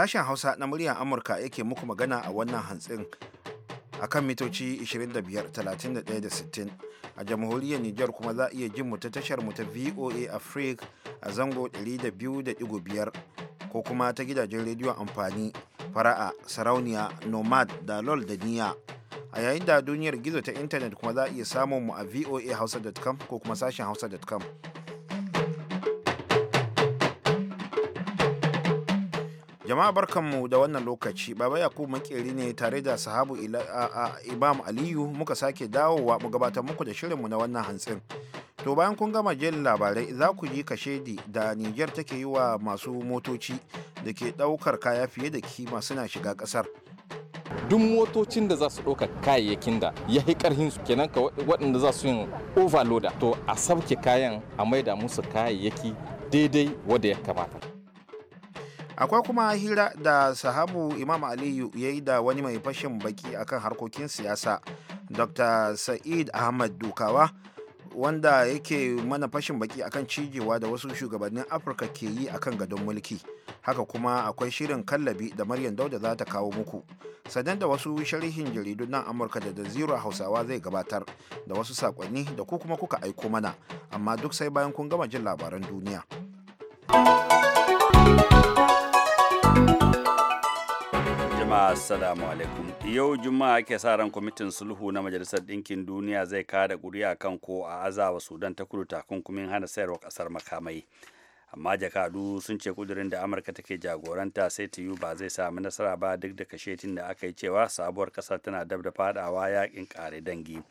Sashen Hausa na muryar Amurka yake muku magana a wannan hantsin a kan mitoci 25-31-60 a jamhuriyar Nijar kuma za a iya jin mu ta tashar mu ta VOA Africa a zango 200.5 ko kuma ta gidajen rediyon amfani fara'a sarauniya nomad da lol da niya a yayin da duniyar gizo ta intanet kuma za a iya samun mu a voahausa.com ko kuma sashen hausa.com jama'a barkanmu da wannan lokaci baba yakubu makeri ne tare da sahabu imam aliyu muka sake dawowa mu gabatar muku da shirinmu na wannan hantsin to bayan kun gama jin labarai za ku yi kashedi da niger take yi wa masu motoci da ke daukar kaya fiye da kima suna shiga kasar duk motocin da za su ɗauka kayayyakin da ya yi ƙarhin su kenan ka waɗanda za su yin overloader to a sauke kayan a maida musu kayayyaki daidai wadda ya kamata akwai kuma hira da sahabu imam aliyu ya yi da wani mai fashin baki akan harkokin siyasa dr sa'id ahmad dukawa wanda yake mana fashin baki akan cijewa da wasu shugabannin afirka ke yi akan gadon mulki haka kuma akwai shirin kallabi da maryam dauda za ta kawo muku sannan da wasu sharihin jaridun nan amurka da da zero hausawa zai gabatar da wasu sakonni da ku kuma kuka aiko mana amma duk sai bayan kun gama jin labaran duniya jama'a assalamu alaikum yau juma'a ke sa ran kwamitin sulhu na majalisar ɗinkin duniya zai kada ƙuri'a kan ko a azawa sudan ta kudu takunkumin hana sayarwa ƙasar makamai amma jakadu sun ce kudurin da amurka take jagoranta sai yi ba zai sami nasara ba duk da kashetin da aka yi cewa sabuwar ƙasa tana dab da fadawa yaƙin ƙare dangi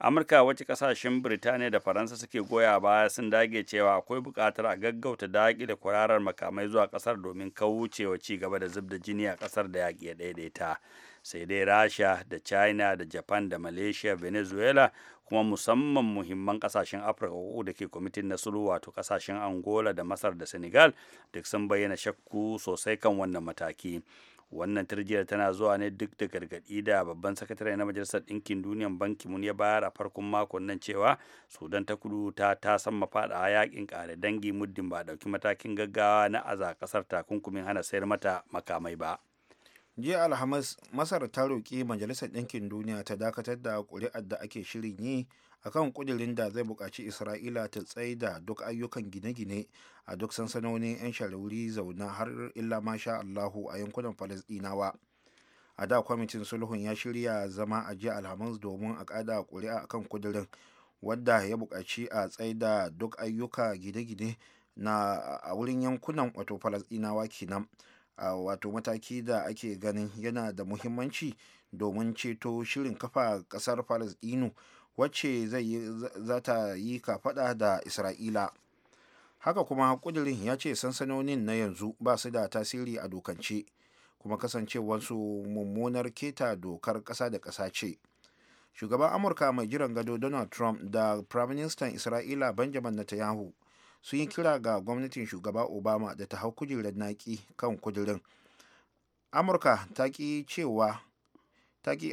amurka wacce kasashen birtaniya da faransa suke goya baya sun dage cewa akwai buƙatar a gaggauta daƙi da kwararar makamai zuwa ƙasar domin kaucewa ci gaba da zub da jini a ƙasar da yaƙi ya daidaita sai dai rasha da china da japan da malaysia venezuela kuma musamman muhimman kasashen afirka uku da ke kwamitin na sulhu wato kasashen angola da masar da senegal duk sun bayyana shakku sosai kan wannan mataki wannan turjiyar tana zuwa ne duk da gargaɗi da babban sakatare na majalisar ɗinkin duniyan bankin mun ya bayar a farkon makon nan cewa sudan ta kudu ta ta san mafaɗa yakin ƙare dangi muddin ba ɗauki matakin gaggawa na aza ƙasar takunkumin hana sayar mata makamai ba jiya alhamis masar ta roƙi majalisar ɗinkin duniya ta dakatar da ƙuri'ar da ake shirin yi akan kudirin da zai bukaci isra'ila ta tsaida duk ayyukan gine-gine a duk sansanonin 'yan sharauri zauna har illa masha allahu a yankunan falasɗinawa a da kwamitin sulhun ya shirya zama a ji alhamis domin a ƙada ƙuri'a akan kudirin wadda ya bukaci a tsaida duk ayyuka gine-gine na a wurin yankunan wato falasɗinawa kenan a wato mataki da ake ganin yana da muhimmanci domin ceto shirin kafa ƙasar falasɗinu wacce za ta yi kafaɗa da isra'ila haka kuma kudirin ya ce sansanonin na yanzu ba su da tasiri a dokance kuma kasancewarsu mummunar keta dokar ƙasa da ƙasa ce shugaban amurka mai jiran gado donald trump da prime minister isra'ila benjamin netanyahu sun yi kira ga gwamnatin shugaba obama da ta hau kujerar naki kan kudirin amurka ta ki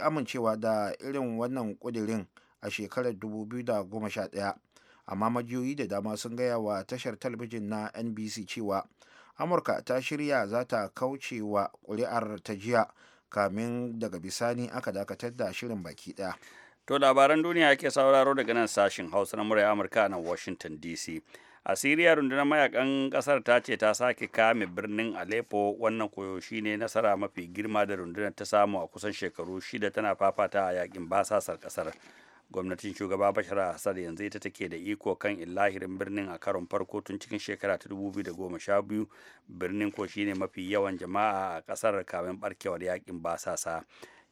amincewa da irin wannan kudirin a shekarar 2011 amma majiyoyi da dama sun gaya wa tashar talabijin na nbc cewa amurka ta shirya za ta kauce wa ƙuri'ar ta jiya kamin daga bisani aka dakatar da shirin baki ɗaya to labaran duniya ake sauraro daga nan sashin hausa na murya amurka nan washington dc a siriya rundunar mayakan kasar ta ce ta sake kame birnin aleppo wannan koyo shine nasara mafi girma da rundunar ta samu a kusan shekaru shida tana fafata a yakin basasar kasar gwamnatin shugaba bashar assad yanzu ita take da iko kan illahirin birnin a karon farko tun cikin shekara ta dubu da goma sha biyu birnin ko shine mafi yawan jama'a a kasar kamin barkewar yakin basasa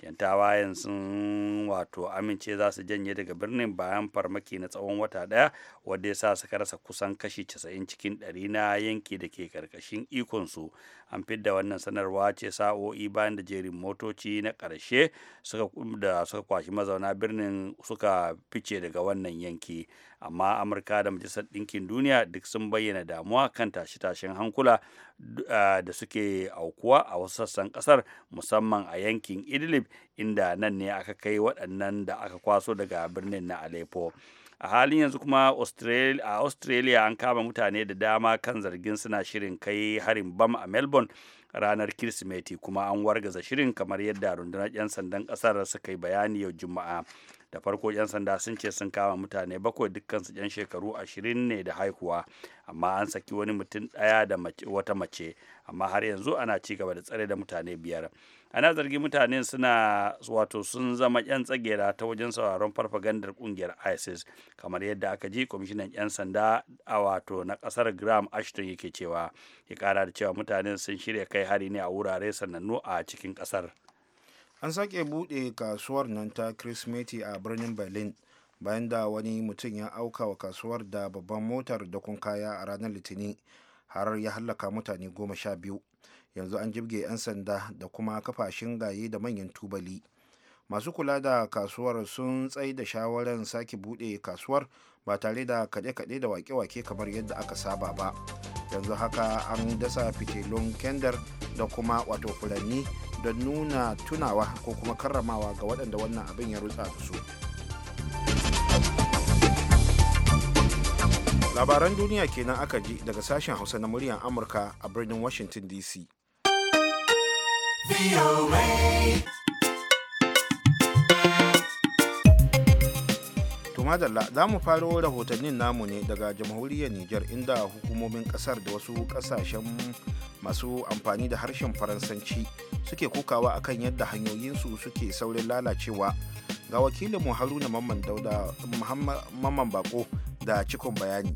yantawa sun wato amince za su janye daga birnin bayan farmaki na tsawon wata daya wadda ya sa suka rasa kusan kashi 90 cikin 100 na yanki da ke karkashin ikonsu an fidda wannan sanarwa ce sa'o'i bayan da jerin motoci na ƙarshe da suka kwashi mazauna birnin suka fice daga wannan yanki amma amurka da majalisar ɗinkin duniya duk sun bayyana damuwa kan tashe-tashen hankula da suke aukuwa a wasu sassan ƙasar musamman a yankin idlib inda nan ne aka kai waɗannan da aka kwaso daga birnin na aleppo a halin yanzu kuma a australia an kama mutane da dama kan zargin suna shirin kai harin bam a melbourne ranar kirsimeti kuma an wargaza shirin kamar yadda rundunar 'yan sandan kasar suka yi bayani yau juma'a da farko 'yan sanda sun ce sun kama mutane bakwai dukkansu 'yan shekaru ashirin ne da haihuwa amma an saki wani mutum daya da wata mace amma har yanzu ana ci gaba da tsare da mutane biyar ana zargi mutane suna wato sun zama 'yan tsagera ta wajen sauraron farfagandar kungiyar isis kamar yadda aka ji kwamishinan 'yan sanda a wato na kasar graham ashton yake cewa ya kara da cewa mutanen sun shirya kai hari ne a wurare sanannu a cikin kasar an sake buɗe kasuwar nan ta kirsimeti a birnin berlin bayan da wani mutum ya auka wa kasuwar da babban motar da kun kaya a ranar litinin har ya hallaka mutane goma sha biyu yanzu an jibge 'yan sanda da kuma kafashin gaye da manyan tubali masu kula da kasuwar sun tsai da shawarar sake buɗe kasuwar ba tare da kaɗe-kaɗe da wake-wake kamar yadda aka saba ba yanzu haka an dasa fitilun kendar da kuma wato furanni don nuna tunawa ko kuma karramawa ga waɗanda wannan abin ya rutsa da su labaran duniya kenan aka ji daga sashen hausa na muryar amurka a birnin washington dc madalla za mu faro rahotannin namu ne daga jamhuriyar Nijar inda hukumomin kasar da wasu kasashen masu amfani da harshen faransanci suke kokawa akan yadda hanyoyinsu suke saurin lalacewa ga wakilin wakilinmu haruna mamman bako da cikon bayani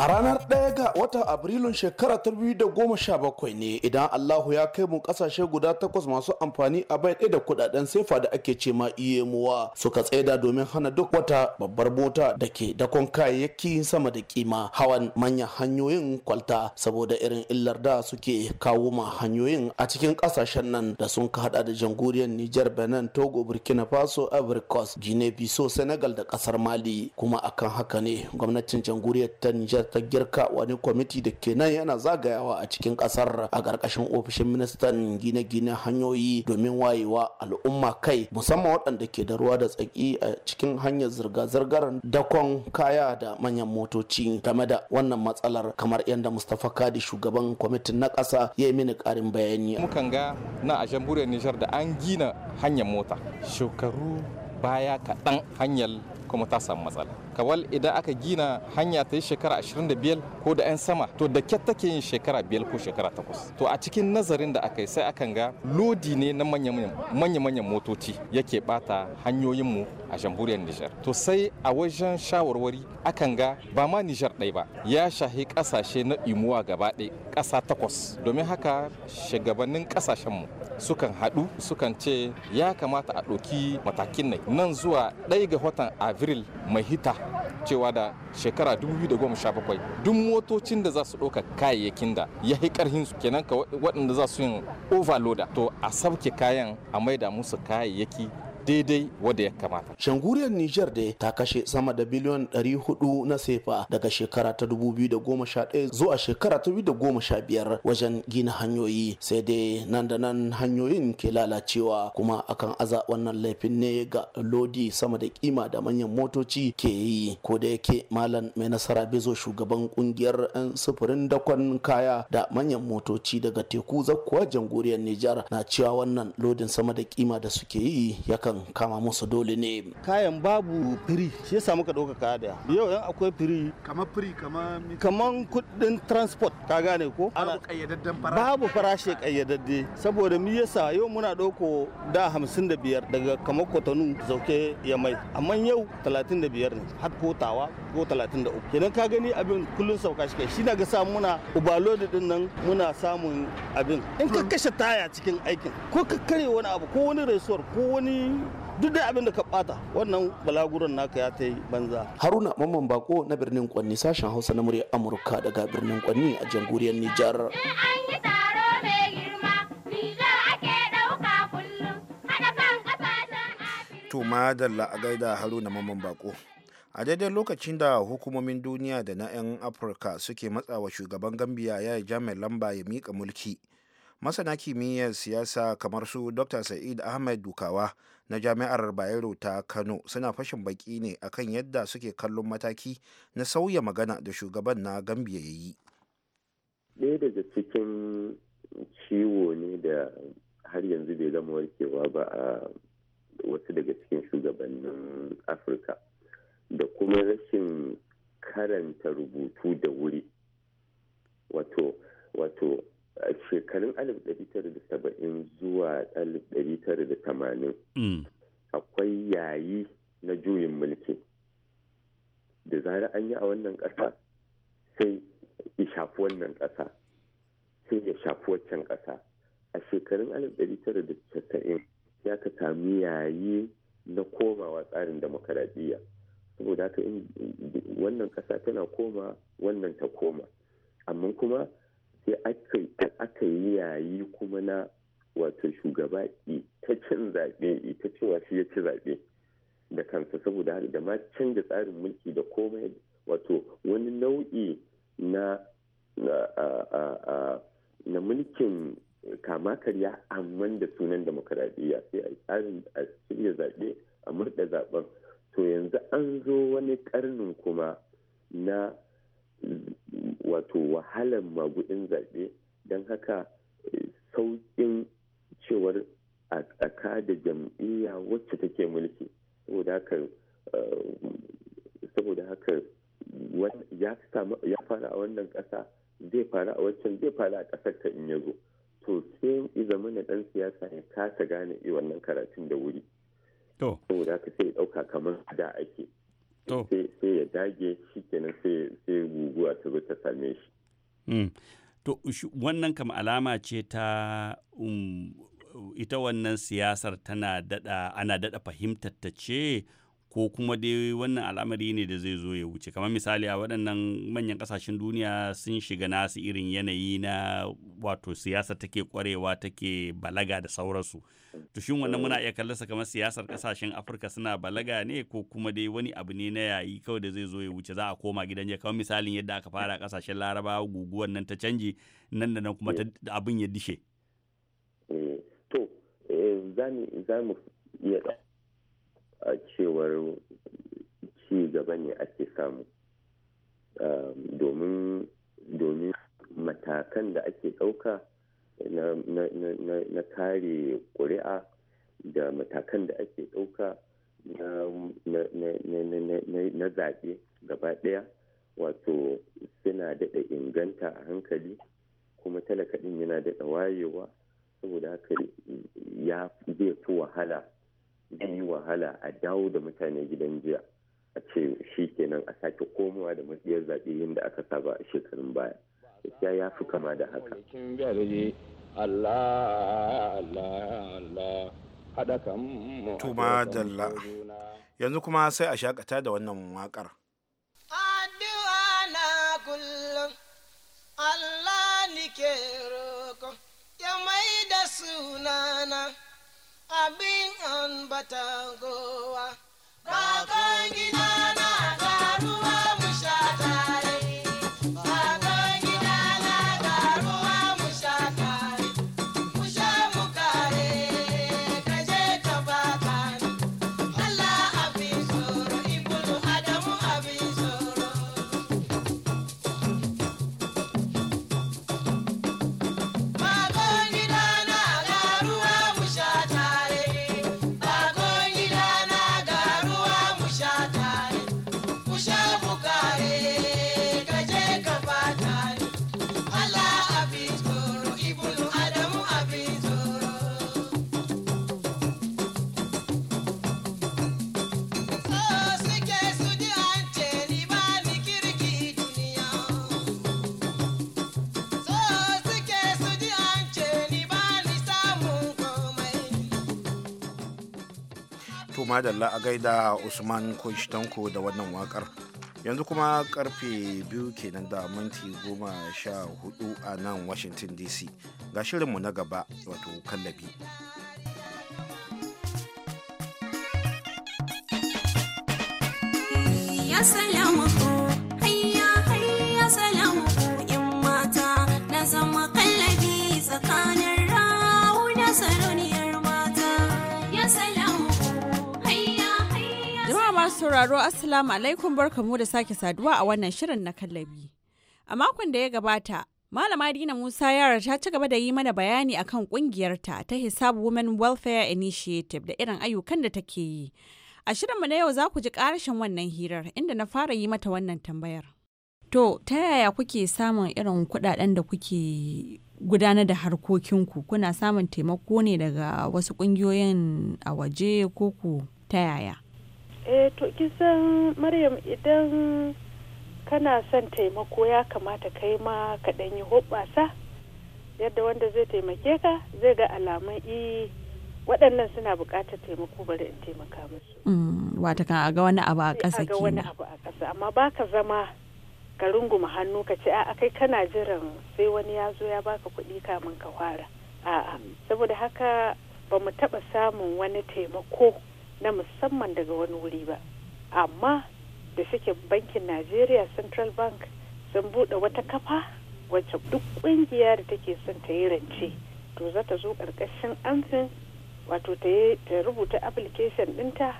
A ranar ɗaya ga watan Abrilun shekara ta biyu da goma sha bakwai ne idan Allahu ya kai mu ƙasashe guda takwas masu amfani a bai ɗaya da kuɗaɗen sefa da ake ce ma iyemuwa suka tsaida domin hana duk wata babbar mota da ke dakon kayayyaki sama da kima hawan manyan hanyoyin kwalta saboda irin illar da suke kawo ma hanyoyin a cikin ƙasashen nan da sun ka da jamhuriyar Nijar, Benin, Togo, Burkina Faso, Ivory Coast, Guinea Bissau, Senegal da ƙasar Mali kuma akan haka ne gwamnatin jamhuriyar ta Nijar ta girka wani kwamiti da ke nan yana zagayawa a cikin kasar a ƙarƙashin ofishin ministan gine-gine hanyoyi domin wayewa al'umma kai musamman waɗanda ke da ruwa da tsaki a cikin hanyar zirga-zirgar dakon kaya da manyan motoci game da wannan matsalar kamar yadda mustapha kadi shugaban kwamitin na ƙasa ya yi mini ƙarin bayani mukan ga na a jamhuriyar nijar da an gina hanyar mota shekaru baya kaɗan hanyar kuma ta samu matsala kawal idan aka gina hanya ta yi shekara 25 ko da 'yan sama to da kyat take yin shekara 5 ko shekara 8 to a cikin nazarin da aka yi sai akan ga lodi ne na manya-manyan motoci yake bata hanyoyinmu a jamhuriyar Nijar. To sai a wajen shawarwari akan ga ba ma Nijar ɗai ba ya shahi ƙasashe na imuwa gaba ƙasa takwas. Domin haka shugabannin mu sukan haɗu sukan ce ya kamata a ɗauki matakin nan zuwa ɗaya ga watan Avril mai hita cewa da shekara 2017 duk motocin da za su ɗauka kayayyakin da ya yi ƙarhin su kenan ka waɗanda za su yin overloader to a sauke kayan a maida musu kayayyaki daidai wadda ya kamata. Shanguriyar Nijar da ta kashe sama da biliyon 400 na sefa daga shekara ta 2011 zuwa shekara ta 2015 wajen gina hanyoyi sai dai nan da nan hanyoyin ke lalacewa kuma akan aza wannan laifin ne ga lodi sama da kima da manyan motoci ke yi ko da yake malam mai nasara bezo shugaban kungiyar 'yan sufurin dakon kaya da manyan motoci daga teku zakkuwa jamhuriyar Nijar na cewa wannan lodin sama da kima da suke yi yakan kama musu dole ne kayan babu firi shi yasa muka ɗauka kaya da yau yan akwai firi kamar firi kamar Kaman kuɗin transport ka gane ko babu kayyadadden farashi babu farashi kayyadadde saboda mi yasa yau muna ɗauko da hamsin da biyar daga kamar kwatanu zauke ya mai amma yau talatin da biyar ne har ko tawa ko talatin da uku idan ka gani abin kullum sauka shi kai shi daga sa muna ubalo da din nan muna samun abin in ka kashe taya cikin aikin ko ka kare wani abu ko wani resuwar ko wani duk da abin da ka bata wannan balaguran naka ya ta yi banza haruna mamman bako na birnin kwanni sashen hausa na murya amurka daga birnin kwanni a jamhuriyar nijar to madalla a gaida haruna mamman bako a daidai lokacin da hukumomin duniya da na 'yan afirka suke matsawa shugaban gambia ya yi jami'ar lamba ya mika mulki masana kimiyyar siyasa kamar su dr sa'id ahmed dukawa na jami'ar bayero ta kano suna fashin baki ne akan yadda suke kallon mataki na sauya magana da shugaban na gambia ya yi ɗaya daga cikin ciwo ne da har yanzu bai zama warkewa ba a wasu daga cikin shugabannin afirka da kuma rashin karanta rubutu da wuri wato a shekarun 1970 zuwa 1980 mm. akwai yayi na juyin mulki da zarar an yi a wannan ƙasa sai ya shafi wannan ƙasa sai ya shafi waccan ƙasa a shekarun 1990 ya ka sami yayi na komawa tsarin demokaradiyya saboda haka wannan ƙasa tana koma wannan ta koma amma kuma sai aka yi yayi kuma na wato shugaba ita cin zaɓe ita cewa shi ya ci zaɓe da kansa saboda haka da ma canza tsarin mulki da komai wato wani nau'i na mulkin kama karya amma da sunan demokaradiyya sai a tsarin a shirya zaɓe a murɗa zaɓen to yanzu an zo wani karnin kuma na wato wahalar magudin zaɓe don haka eh, sauƙin cewar a tsaka da jam'iyya wacce take mulki saboda haka eh, ya fara a wannan ƙasa zai fara a waccan zai fara a ƙasar ta in ya to sai i zama na ɗan siyasa ya kasa gane wannan karatun da wuri saboda haka sai ya ɗauka kamar da ake sai ya dage shi kenan sai guguwa ta zo ta same shi hmm. to wannan kam alama ce ta um, ita wannan siyasar tana dada ana dada fahimtar ta ce ko kuma dai wannan al'amari ne da zai zo ya wuce kamar misali a waɗannan manyan ƙasashen duniya sun shiga nasu irin yanayi na wato siyasa take kwarewa take balaga da sauransu to shin wannan muna iya kallasa kamar siyasar ƙasashen afirka suna balaga ne ko kuma dai wani abu ne na yayi kawai da zai zo ya wuce za a koma gidan ya kamar misalin yadda aka fara a ƙasashen larabawa guguwar nan ta canji nan da nan kuma eh. abin ya dishe. Eh, to eh, za mu iya a cewar ci gaba ne ake samu ehm, domin matakan da ake ɗauka na kare ƙuri'a da matakan da ake ɗauka na zaɓe gaba ɗaya wato suna daɗa inganta a hankali kuma talaka ɗin yana daɗa wayewa saboda haka ya zai fi wahala zai yi wahala a dawo da mutane gidan jiya a ce shi kenan a sake komowa da matsayar zaɓe yadda aka saba a shekarun baya gaskiya ya fi kama da haka tuma dalla yanzu kuma sai a shakata da wannan wakar. addu'a na kullum Allah ni ke roko ya mai da sunana abin an bata gowa. Bakan gida na garuwa kuma madalla a gaida usman kushtanko da wannan wakar yanzu kuma karfe biyu kenan da minti goma sha hudu a nan washington dc ga shirinmu na gaba wato kallabi ya sauraro Assalamu alaikum barkamu da sake saduwa a wannan shirin na kallabi. A makon da ya gabata, Malama Dina Musa yara ta ci gaba da yi mana bayani akan kungiyarta ta Hisab Women Welfare Initiative da irin ayyukan da take yi. A shirinmu na yau za ku ji ƙarashin wannan hirar inda na fara yi mata wannan tambayar. To, ta yaya kuke samun irin kuɗaɗen da kuke gudanar da harkokinku? Kuna samun taimako ne daga wasu ƙungiyoyin a waje ko ku ta yaya? eh to kisan maryam idan kana son taimako ya kamata kai ma ka yi hoɓasa yadda wanda zai taimake ka zai ga alamun i eh, waɗannan suna buƙatar taimako bari in taimaka musu. Mm, wata kan a ga wani abu a eh, ƙasa kenan. wani abu a ƙasa amma ba ka zama ka runguma hannu ka ce a'a kai kana jiran sai wani ya zo ya baka kuɗi kamin ka fara a'a saboda haka bamu mu taɓa samun wani taimako na musamman daga wani wuri ba amma da suke bankin nigeria central bank sun buɗe wata kafa wacce duk ƙungiya da take son ta yi rance to za ta zo ƙarƙashin amfin wato ta rubuta application ɗinta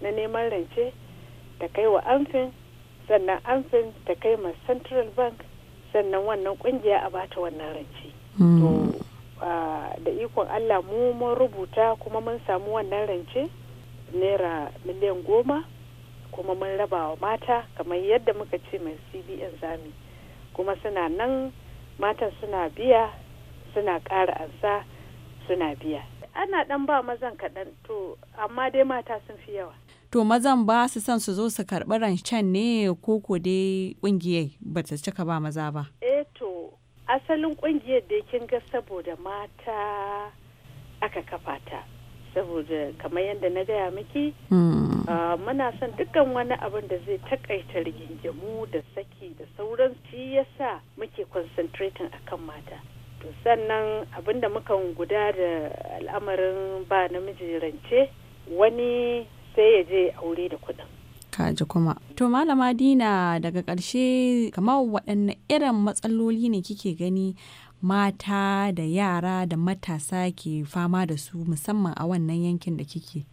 na neman rance ta kai wa amfin sannan amfin ta kai ma central bank sannan wannan ƙungiya a bata wannan rance hmm. to ah, da ikon allah mu mun rubuta kuma mun samu wannan rance naira miliyan goma kuma mun raba wa mata kamar yadda muka ce mai cbn zami kuma suna nan matan suna biya suna ƙara ansa suna biya ana ɗan ba mazan kaɗan to amma dai mata sun fi yawa to mazan ba su son su zo su karɓi rancen ne ko ko dai ƙungiyar ba ta cika ba maza ba eh to asalin ƙungiyar da kin ga saboda mata aka kafa ta saboda kamar yadda na gaya miki hmm. muna son dukkan wani abin da zai takaita rigingimu da saki da sauran shi yasa muke concentrating akan mata to sannan abin da muka guda da al'amarin ba namiji rance wani sai ya je aure da kuɗin kaji kuma to malama dina daga ƙarshe kamar waɗanne irin matsaloli ne kike gani mata da yara da matasa ke fama da su musamman a wannan yankin da kike?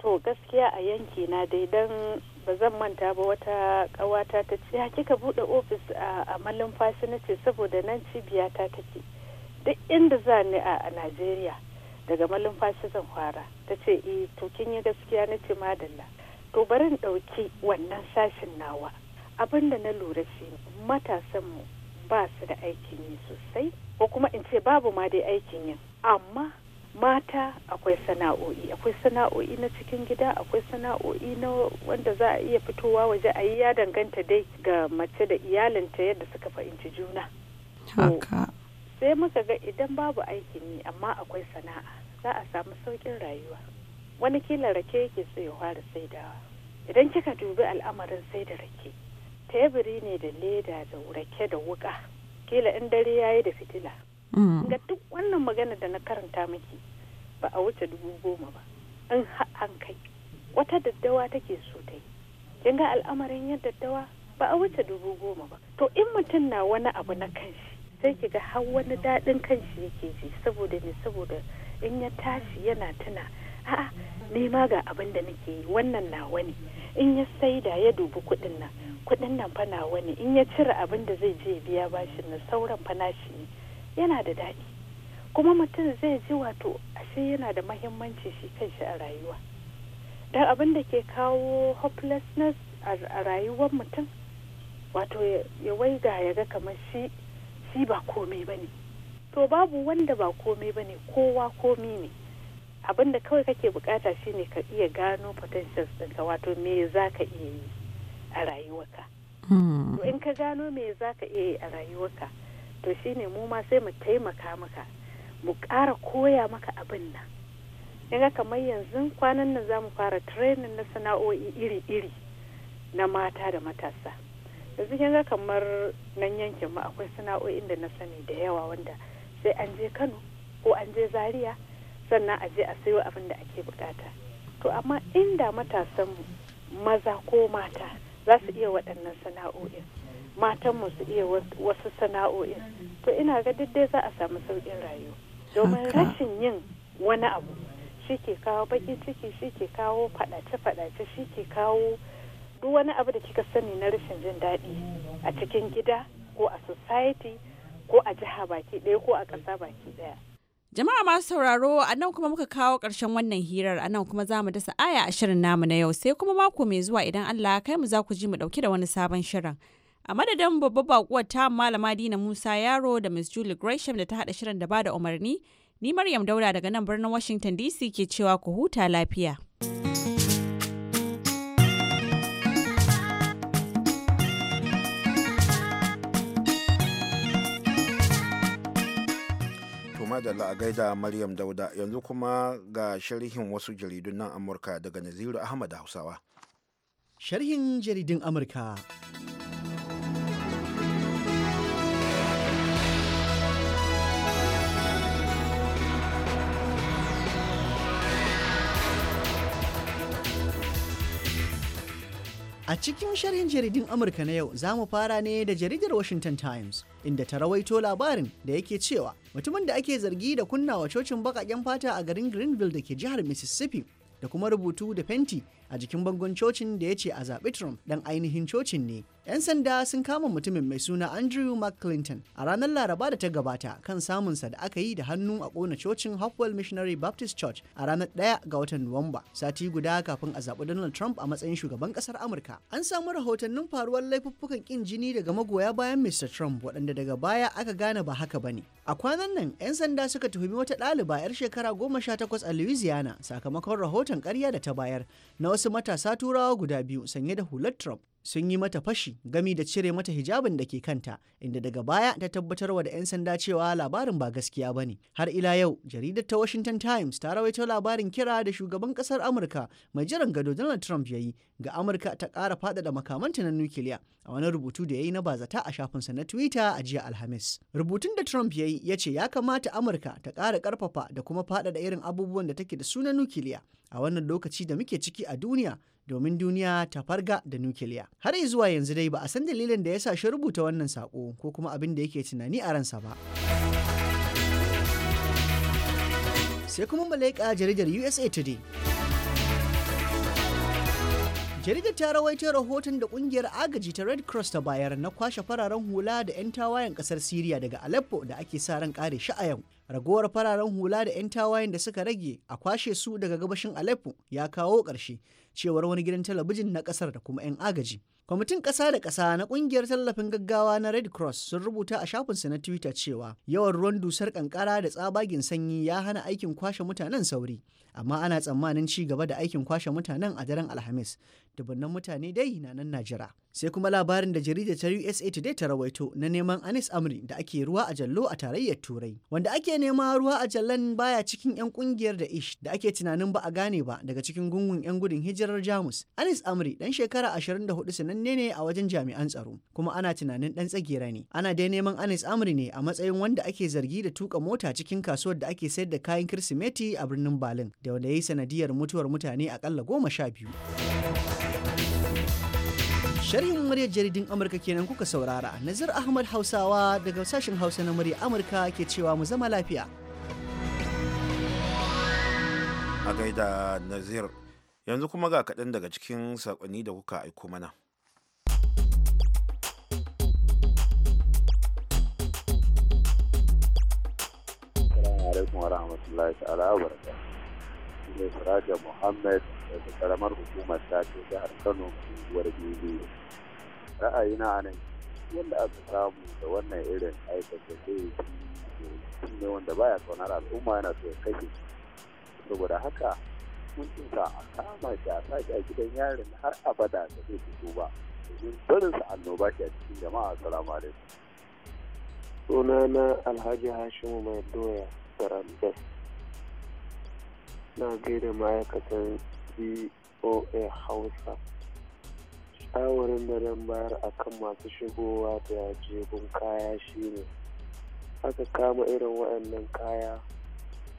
To gaskiya a yanki na dai dan ba zan manta ba wata ƙawata ta ce ya kika buɗe ofis a Fashi na ce saboda nan cibiya ta take duk inda za ni a Najeriya daga Fashi zan fara ta ce eh to kin yi gaskiya na ce madalla to bari in ɗauki wannan sashin nawa abinda na lura shi mu ba su da aikin yi sosai ko kuma in ce babu ma dai aikin yi amma mata akwai sana'o'i akwai sana'o'i na cikin gida akwai sana'o'i na wanda za a iya fitowa waje a yi ya danganta dai ga mace da iyalinta yadda suka fahimci juna sai muka ga idan babu aikin yi amma akwai sana'a za a samu saukin rayuwa wani kila rake yake so da fara saidawa idan kika dubi al'amarin sai da rake teburi ne da leda da rake da wuka kila in dare ya yi da fitila mm. ga duk wannan magana da na karanta miki ba a wuce dubu goma ba in an kai wata daddawa take so ta yi kin ga al'amarin yin daddawa ba a wuce dubu goma ba to in mutum na wani abu na kanshi sai ki ga har wani daɗin kanshi yake ji saboda ne saboda in ya tashi yana tuna a'a nema ga abin da nake yi wannan na wani in ya saida ya dubi kuɗin nan kuɗin nan fana wani in ya cire abin da zai je biya bashin na sauran fana shi yana da daɗi kuma mutum zai ji wato ashe yana da mahimmanci shi kanshi a rayuwa don abin da ke kawo hopelessness a rayuwar mutum wato ya wai ga ya ga kamar shi shi ba komai ba ne to babu wanda ba komai ba ne kowa komi ne abin da kawai kake bukata shine ka iya gano potentials ɗinka wato me za ka iya yi a rayuwarka hmm. to in ka gano me za ka iya yi a rayuwarka to shi ne mu ma sai mu taimaka maka mu ƙara koya maka abin nan ga kamar yanzu kwanan nan za mu fara training na sana'o'i iri-iri na mata da matasa yanzu kin ga kamar nan yankin mu akwai sana'o'i da na sani da yawa wanda sai an je kano ko an je zaria sannan a je a sayo abin da ake bukata to amma inda matasan maza ko mata za su iya waɗannan sana'o'in matanmu su iya wasu sana'o'in to ina ga dai za a samu sauƙin rayuwa domin rashin yin wani abu shi ke kawo baƙin ciki shi ke kawo faɗace-faɗace shi ke kawo duk wani abu da kika sani na rashin jin daɗi a cikin gida ko a society ko a jiha baki ɗaya ko a ƙasa baki ɗaya Jama'a masu sauraro a nan kuma muka kawo ƙarshen wannan hirar a nan kuma za mu dasa aya a shirin namu na yau sai kuma mako mai zuwa idan Allah kai mu za ku ji mu ɗauki da wani sabon shirin. A madadin babbar baƙuwar ta malama Dina Musa Yaro da Miss Julie Gresham da ta haɗa shirin da ba da umarni, ni Maryam Dauda daga nan birnin Washington DC ke cewa ku huta lafiya. madalla a gaida maryam dauda yanzu kuma ga sharhin wasu jaridun nan amurka daga naziru ahmad hausawa sharhin jaridun amurka A cikin sharhin jaridun Amurka na yau za mu fara ne da jaridar Washington Times inda ta rawaito labarin da yake cewa mutumin da ake zargi da kunnawa cocin baƙaƙen fata a garin Greenville da ke jihar Mississippi da kuma rubutu da fenti a jikin bangon cocin da ya ce a zaɓi Trump ɗan ainihin cocin ne 'Yan sanda sun kama mutumin mai suna Andrew McClinton a ranar Laraba da ta gabata kan samunsa da aka yi da hannu a kona cocin Hopewell Missionary Baptist Church a ranar 1 ga watan Nuwamba, sati guda kafin a zaɓi Donald Trump a matsayin shugaban ƙasar Amurka. An samu rahotannin faruwar laifuffukan ƙin jini daga magoya bayan Mr. Trump waɗanda daga baya aka gane ba haka ba ne. A kwanan nan, 'yan sanda suka tuhumi wata ɗaliba 'yar shekara goma sha takwas a Louisiana sakamakon rahoton ƙarya da ta bayar na wasu matasa turawa guda biyu sanye da hular Trump sun yi mata fashi gami da cire mata hijabin da ke kanta inda daga baya ta tabbatar wa da 'yan sanda cewa labarin ba gaskiya ba ne har ila yau jaridar ta washington times ta rawaito labarin kira da shugaban kasar amurka mai jiran gado donald trump ya yi ga amurka ta ƙara faɗaɗa makamanta na nukiliya a wani rubutu da ya yi na bazata a shafinsa na twitter a jiya alhamis rubutun da trump ya yi ya ce ya kamata amurka ta ƙara ƙarfafa da kuma faɗaɗa irin abubuwan da take da su nukiliya a wannan lokaci da muke ciki a duniya domin duniya ta farga da nukiliya. Har zuwa yanzu dai ba a san dalilin da ya sa shi rubuta wannan sako ko kuma abin da yake tunani a ransa ba. Sai kuma malaika jaridar USA Today. Jaridar ta rawaito rahoton da kungiyar agaji ta Red Cross ta bayar na kwashe fararen hula da 'yan tawayen kasar Siriya daga Aleppo da ake sa ran kare shi a yau. Ragowar fararen hula da 'yan tawayen da suka rage a kwashe su daga gabashin Aleppo ya kawo ƙarshe, cewar wani gidan talabijin na kasar da kuma 'yan agaji. Kwamitin ƙasa da ƙasa na ƙungiyar tallafin gaggawa na Red Cross sun rubuta a shafinsu na Twitter cewa yawan ruwan dusar ƙanƙara da tsabagen sanyi ya hana aikin kwashe mutanen sauri, amma ana tsammanin ci gaba da aikin kwashe mutanen a daren Alhamis. Dubunnan mutane dai na nan Najira. sai kuma labarin da jaridar ta USA Today ta rawaito na neman Anis Amri da ake ruwa a jallo a tarayyar Turai wanda ake nema ruwa a jallan baya cikin 'yan kungiyar da ish da ake tunanin ba a gane ba daga cikin gungun 'yan gudun hijirar Jamus Anis Amri dan shekara 24 sananne ne a wajen jami'an tsaro kuma ana tunanin dan tsagera ne ana dai neman Anis Amri ne a matsayin wanda ake zargi da tuka mota cikin kasuwar da ake sayar da kayan kirsimeti a birnin Berlin da wanda ya sanadiyar mutuwar mutane akalla goma sha biyu. Sharhin muryar jaridin Amurka kenan kuka saurara. Nazir Ahmad Hausawa daga sashen Hausa na murya Amurka ke cewa mu zama lafiya. A gaida Nazir, yanzu kuma ga kaɗan daga cikin saƙonni da kuka aiko mana. Assalamu alaikum wa ta'ala wa barakatuh. shine Mohammed, Muhammad daga karamar hukumar Sato jihar Kano unguwar Bebe. Ra'ayina a nan wanda aka samu da wannan irin aikata zai ne wanda baya kaunar al'umma yana so ya kashe saboda haka mun tunta a kama shi a sake a gidan yarin har abada da zai fito ba domin barin sa annoba shi a cikin jama'a assalamu alaikum sunana alhaji hashimu mai doya garan na gaida ma'aikatan voa hausa shawarin da zan bayar akan masu shigowa da jegun kaya shine aka kama irin waɗannan kaya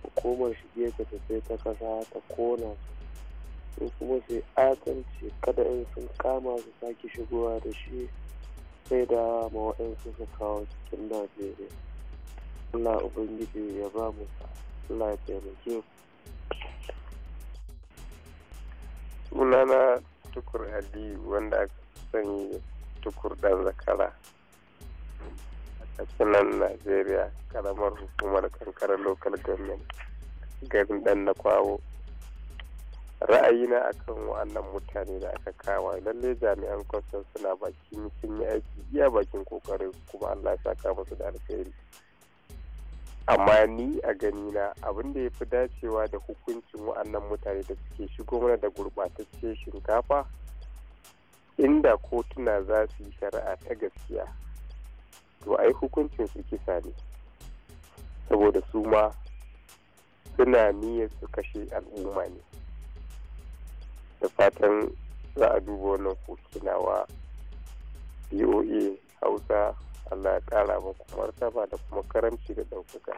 hukumar shige ta tafi ta kasa ta kona su kuma sai akanci kada in sun kama su sake shigowa da shi sai da ma waɗansu su kawo cikin najeriya allah ubangiji ya ba mu lafiya da taimake sunana tukur aliyu wanda aka sani tukur dan zakara a cikin najeriya karamar hukumar kankara local government garin dan na kwawo ra'ayina akan wa'annan mutane da aka kawa lalle jami'an kwastan suna bakin sun yi aiki iya bakin kokarin kuma allah ya saka musu da alkhairi amma ni a ganina abin da ya fi dacewa da hukuncin wa'annan mutane da suke shigo mana da gurɓatacce shinkafa inda kotuna za su yi shari'a ta gaskiya to ai hukuncin su kisa ne saboda su ma suna niyyar su kashe al'umma ne da fatan za a duba wannan kokinawa boa hausa Allah ya ƙara muku martaba da kuma karamci da ɗaukaka.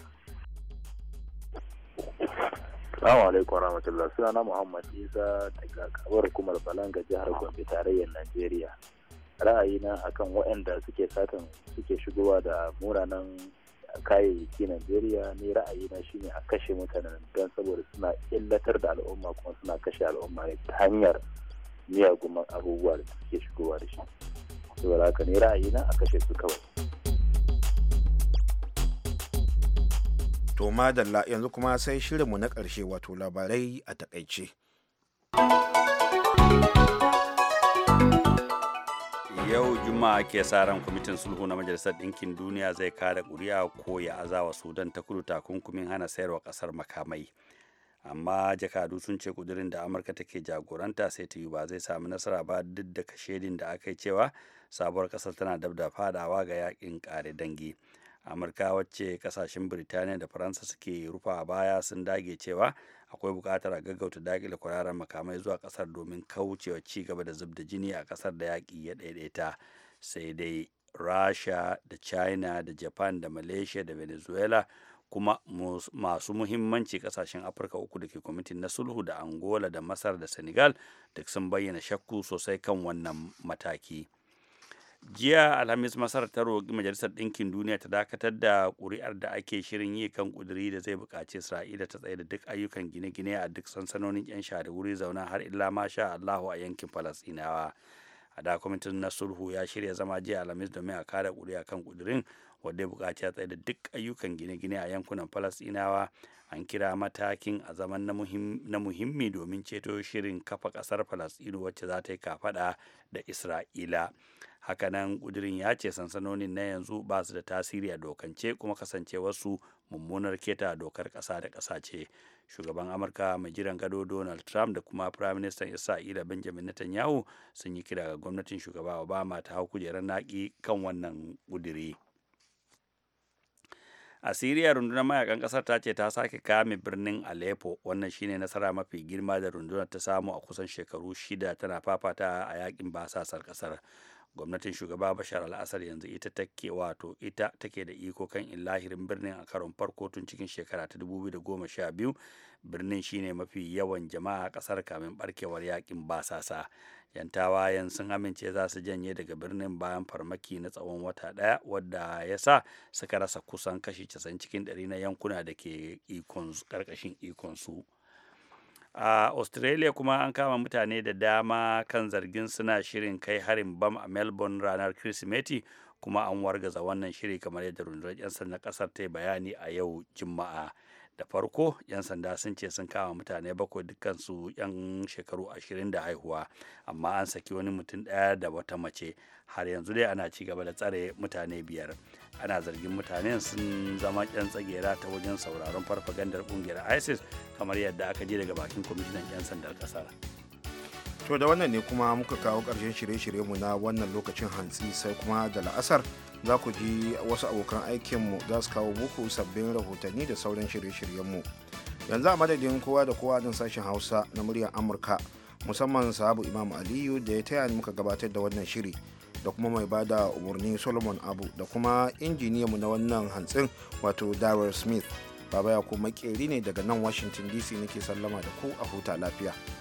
Assalamu alaikum warahmatullahi na Muhammad Isa daga kabar hukumar Balanga jihar Gombe tarayyar Najeriya. Ra'ayina akan waɗanda suke satan suke shigowa da munanan kayayyaki Najeriya ne ra'ayina shine a kashe mutanen don saboda suna illatar da al'umma kuma suna kashe al'umma ta hanyar miyagun abubuwa da suke shigowa da shi. saboda haka ne ra'ayina kawai to madalla yanzu kuma sai shirinmu na ƙarshe wato labarai a takaice yau juma'a ke sa ran kwamitin sulhu na majalisar ɗinkin duniya zai kada ƙuri'a ko ya azawa sudan ta kudu takunkumin hana sayarwa ƙasar makamai amma jakadu sun ce kudirin da amurka take jagoranta sai ta yi ba zai sami nasara ba duk da kashedin da aka yi cewa sabuwar kasar tana dab da fadawa ga yakin kare dangi amurka wacce kasashen birtaniya da faransa suke rufa baya sun dage cewa akwai buƙatar a gaggauta dakile kwararren makamai zuwa ƙasar domin kaucewa ci gaba da zub da jini a ƙasar da yaki ya ɗaiɗaita sai dai rasha da china da japan da malaysia da venezuela kuma masu muhimmanci kasashen afirka uku da ke kwamitin na sulhu da angola da masar da senegal duk sun bayyana shakku sosai kan wannan mataki jiya alhamis masar ta roƙi majalisar ɗinkin duniya ta dakatar da ƙuri'ar da ake shirin yi kan ƙuduri da zai buƙaci isra'ila ta tsaye da duk ayyukan gine-gine a duk sansanonin 'yan da wuri zauna har illa ma sha allahu a yankin falastinawa a da kwamitin na sulhu ya shirya zama jiya alhamis domin a kada ƙuri'a kan ƙudurin wadda ya buƙaci a tsaye da duk ayyukan gine-gine a yankunan falasɗinawa an kira matakin a zaman na muhimmi domin ceto shirin kafa ƙasar falasɗinu wacce za ta yi kafaɗa da isra'ila hakanan ƙudirin ya ce sansanonin na yanzu ba su da tasiri a dokance kuma kasance wasu mummunar keta dokar ƙasa da ƙasa ce shugaban amurka mai jiran gado donald trump da kuma firaministan isra'ila benjamin netanyahu sun yi kira ga gwamnatin shugaba obama ta hau kujerar naƙi kan wannan ƙudiri. a siriya rundunar mayakan kasar ta ce ta sake kame birnin aleppo wannan shine nasara mafi girma da rundunar ta samu a kusan shekaru shida tana fafata a yakin basasar kasar gwamnatin shugaba bashar al-assad yanzu ita take wato ita take da iko kan illahirin birnin a karon farko tun cikin shekara ta 2012 birnin shine mafi yawan jama'a a kasar kamin barkewar yakin basasa 'yan tawayen sun amince za su janye daga birnin bayan farmaki na tsawon wata ɗaya wadda ya sa suka rasa kusan kashi 90 cikin ɗari na yankuna da ke ƙarƙashin ikonsu a australia kuma an kama mutane da dama kan zargin suna shirin kai harin bam a melbourne ranar kirsimeti kuma an wargaza wannan shiri kamar yadda rundunar 'yan na kasar ta bayani a yau juma'a. da farko 'yan sanda sun ce sun kama mutane bakwai dukkansu 'yan shekaru ashirin da haihuwa amma an saki wani mutum daya da wata mace har yanzu dai ana ci gaba da tsare mutane biyar ana zargin mutane sun zama 'yan tsagera ta wajen sauraron farfagandar kungiyar isis kamar yadda aka ji daga bakin kwamishinan 'yan sandar ƙasar to da wannan ne kuma muka kawo ƙarshen shirye-shiryenmu na wannan lokacin hantsi sai kuma da la'asar za ku ji wasu abokan aikinmu za su kawo muku sabbin rahotanni da sauran shirye-shiryenmu yanzu a madadin kowa da kowa don sashen hausa na muryar amurka musamman sahabu imam aliyu da ya taya muka gabatar da wannan shiri da kuma mai ba da umarni solomon abu da kuma injiniyanmu na wannan hantsin wato darrell smith baba ya kuma makeri ne daga nan washington dc nake sallama da ku a huta lafiya